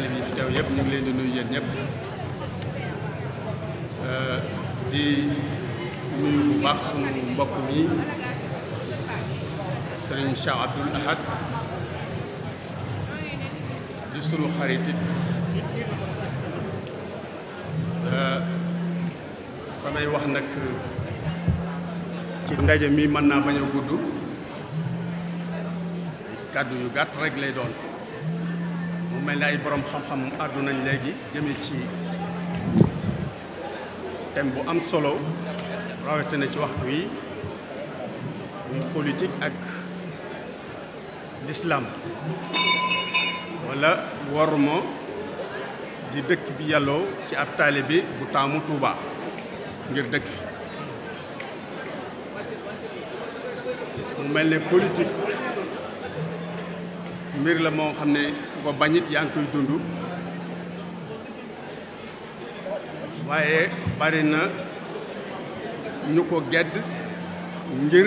taalib yëpp ñu ngi leen di nuyu yéen ñëpp euh, di nuyu bu baax sunu mbokk mi sëriñ Cheikh Abdoul Ahad di sunu xarit it euh, samay wax nag ci ndaje mi mën naa bañ a gudd kàddu yu gàtt rek lay doon. mu mel ne ay borom xam-xam àddu nañ léegi jëmee ci thème bu am solo rawatina ci waxtu yi muy politique ak l'islam wala waruma di dëkk bi yàlloo ci ab taalibe bu taamu Touba ngir dëkk mu mel ne politique mbir la moo xam ne ku ko bañit yaa ngi koy dund waaye bari na ñu ko gedd ngir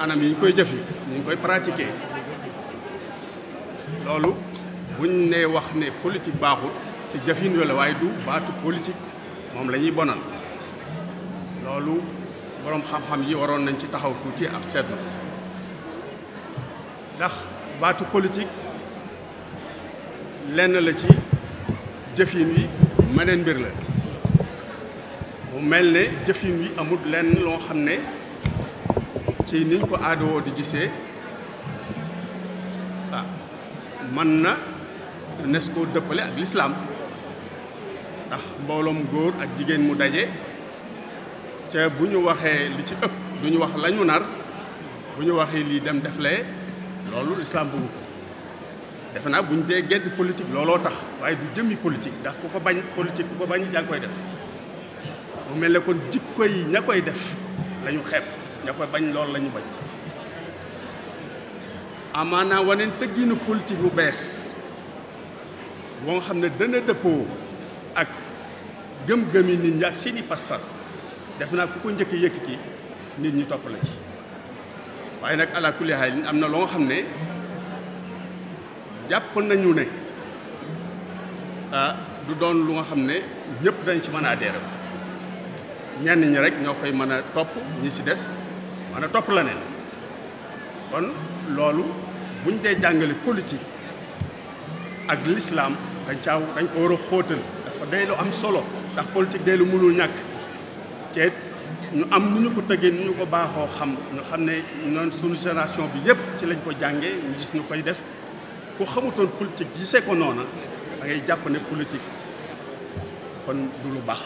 anam yi ñu koy jëfe ñu ngi koy pratiquer loolu buñ ne wax ne politique baaxul ci jëfin wi waaye du baatu politique moom lañuy ñuy bonal loolu boroom xam-xam yi waroon nañ ci taxaw tuuti ab seetlu ndax baatu politique lenn la ci jëfin wi meneen mbir la mu mel ni jëfin wi amut lenn loo xam ne ci niñ ko aadowoo di gisee ah mën na nes koo dëppale ak lislaam ndax mbooloom góor ak jigéen mu daje te bu ñu waxee li ci ëpp du ñu wax lañu nar bu ñu waxee lii dem deflee loolu lislaam bëggu defe naa bu ñu dee gedd politique looloo tax waaye du jëmmi politique ndax ku ko bañ politique ku ko bañ yaa koy def mu mel ne kon jikko koy ña koy def lañu ñu xeeb ña koy bañ loolu la ñu bañ amaanaa waneen tëgginu politique bu bees boo nga xam ne dana dëppoo ak gëm-gëmi nit ñi seeni pas-pas def naa ku ko njëkk yëkkati nit ñi topp la ci waaye nag ala kulli am na loo xam ne jàpp nañu ne ah du doon lu nga xam ne ñëpp dañ ci mën a adhéré ñenn ñi rek ñoo koy mën a topp ñi ci des mën a topp la neen kon loolu buñ dee jàngale politique ak lislaam dañ caaw dañ ko war a xóotal dafa day lu am solo ndax politique day lu mënul ñàkk ceet ñu am nu ñu ko tëggee nu ñu ko baaxoo xam ñu xam ne noonu suñu génération bi yëpp ci lañ ko jànge ñu gis ñu koy def ku xamutoon politique yi see ko noona da ngay jàpp ne politique kon du lu baax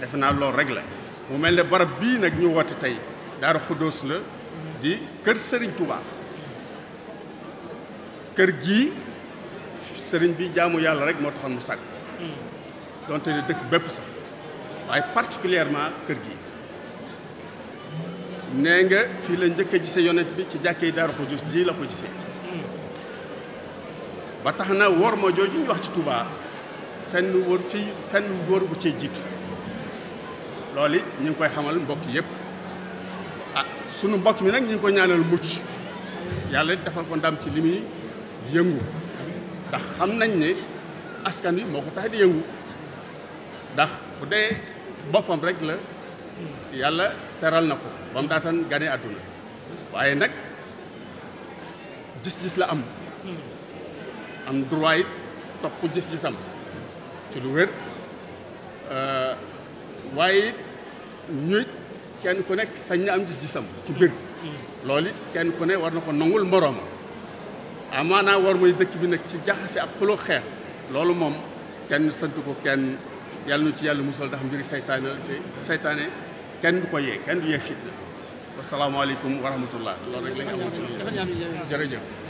defe naa loolu rek la mu mel ne barab bii nag ñu woote tey Daaru Xuddoos la di kër sëriñ Touba kër gii sëriñ bi jaamu yàlla rek moo taxoon mu sàkk donte ne dëkk bépp sax waaye particulièrement kër gi nee nga fii la njëkk a gisee yonent bi ci jàkkee Daaru Xuddoos ji la ko gisee ba tax na wor ma jooju ñu wax ci Touba fenn wër fii fenn wër bu cee jiitu loolu it ñu ngi koy xamal mbokk yëpp ah sunu mbokk mi nag ñu ngi ko ñaanal mucc yàlla defal ko ndam ci li muy yëngu ndax xam nañ ne askan wi moo ko tax di yëngu ndax bu dee boppam rek la yàlla teral na ko ba mu daatan gane àdduna waaye nag gis-gis la am am droit it topp gis-gisam ci lu wér euh, waaye it ñu kenn ku nekk sañ na am gis-gisam ci mbir mm. loolu it kenn ku ne war na ko nangul morooma amaanaa war mooy dëkk bi nag ci jaxase ak xuloo xeex loolu moom kenn sant ko kenn yàlla nu ci yàlla musal ndax mbiri saytaane la te saytaane kenn du ko yee kenn du yee fitna wasalaamaaleykum wa rahmatullah loolu rek la amoon ci jërëjëf